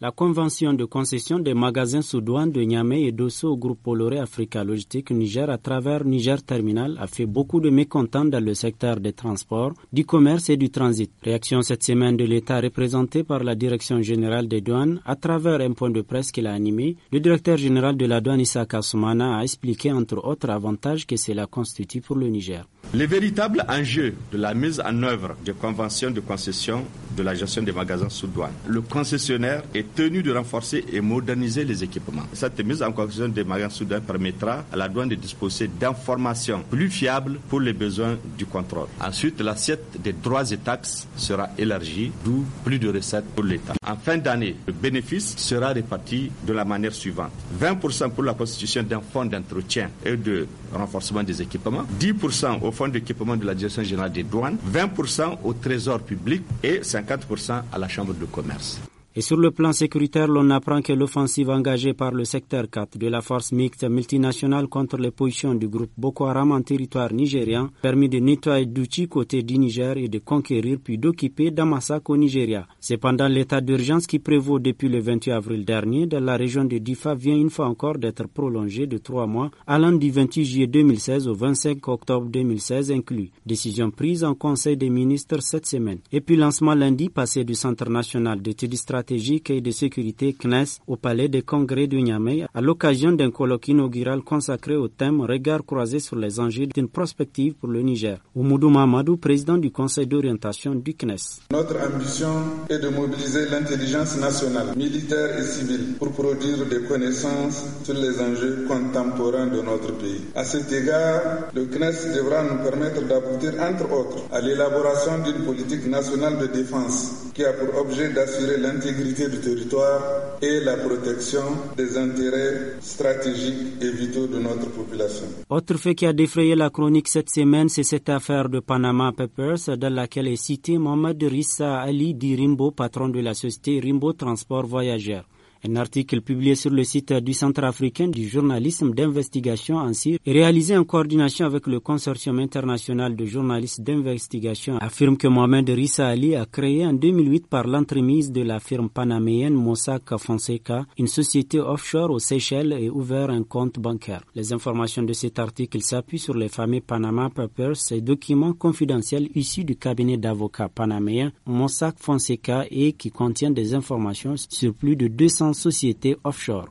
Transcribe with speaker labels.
Speaker 1: La convention de concession des magasins sous douane de Niamey et d'Osso au groupe Poloré Africa Logistique Niger à travers Niger Terminal a fait beaucoup de mécontents dans le secteur des transports, du commerce et du transit. Réaction cette semaine de l'État représenté par la Direction générale des douanes à travers un point de presse qu'il a animé. Le directeur général de la douane Issa Kassoumana a expliqué entre autres avantages que cela constitue pour le Niger.
Speaker 2: Les véritables enjeux de la mise en œuvre des conventions de concession de la gestion des magasins sous douane. Le concessionnaire est tenu de renforcer et moderniser les équipements. Cette mise en concession des magasins sous douane permettra à la douane de disposer d'informations plus fiables pour les besoins du contrôle. Ensuite, l'assiette des droits et taxes sera élargie, d'où plus de recettes pour l'État. En fin d'année, le bénéfice sera réparti de la manière suivante. 20% pour la constitution d'un fonds d'entretien et de renforcement des équipements, 10% au fonds d'équipement de la direction générale des douanes, 20% au trésor public et 50 4% à la Chambre de commerce.
Speaker 1: Et sur le plan sécuritaire, l'on apprend que l'offensive engagée par le secteur 4 de la force mixte multinationale contre les positions du groupe Boko Haram en territoire nigérien permet de nettoyer d'outils côté du Niger et de conquérir puis d'occuper Damasak au Nigeria. Cependant, l'état d'urgence qui prévaut depuis le 28 avril dernier dans la région de Difa vient une fois encore d'être prolongé de trois mois, allant du 28 juillet 2016 au 25 octobre 2016 inclus. Décision prise en Conseil des ministres cette semaine. Et puis lancement lundi passé du Centre national d'études stratégiques stratégique et de sécurité CNES au Palais des Congrès de Niamey à l'occasion d'un colloque inaugural consacré au thème Regard croisés sur les enjeux d'une prospective pour le Niger. Oumoudou Mamadou, président du Conseil d'orientation du CNES.
Speaker 3: Notre ambition est de mobiliser l'intelligence nationale, militaire et civile, pour produire des connaissances sur les enjeux contemporains de notre pays. À cet égard, le CNES devra nous permettre d'aboutir, entre autres, à l'élaboration d'une politique nationale de défense qui a pour objet d'assurer l'intégration l'intégrité du territoire et la protection des intérêts stratégiques et vitaux de notre population.
Speaker 1: Autre fait qui a défrayé la chronique cette semaine, c'est cette affaire de Panama Papers dans laquelle est cité Mohamed Rissa Ali RIMBO patron de la société Rimbo Transport Voyageur. Un article publié sur le site du Centre africain du journalisme d'investigation en Syrie, réalisé en coordination avec le Consortium international de journalistes d'investigation, affirme que Mohamed Rissa Ali a créé en 2008 par l'entremise de la firme panaméenne Mossack Fonseca une société offshore aux Seychelles et ouvert un compte bancaire. Les informations de cet article s'appuient sur les fameux Panama Papers, ces documents confidentiels issus du cabinet d'avocats panaméen Mossack Fonseca et qui contiennent des informations sur plus de 200 société offshore.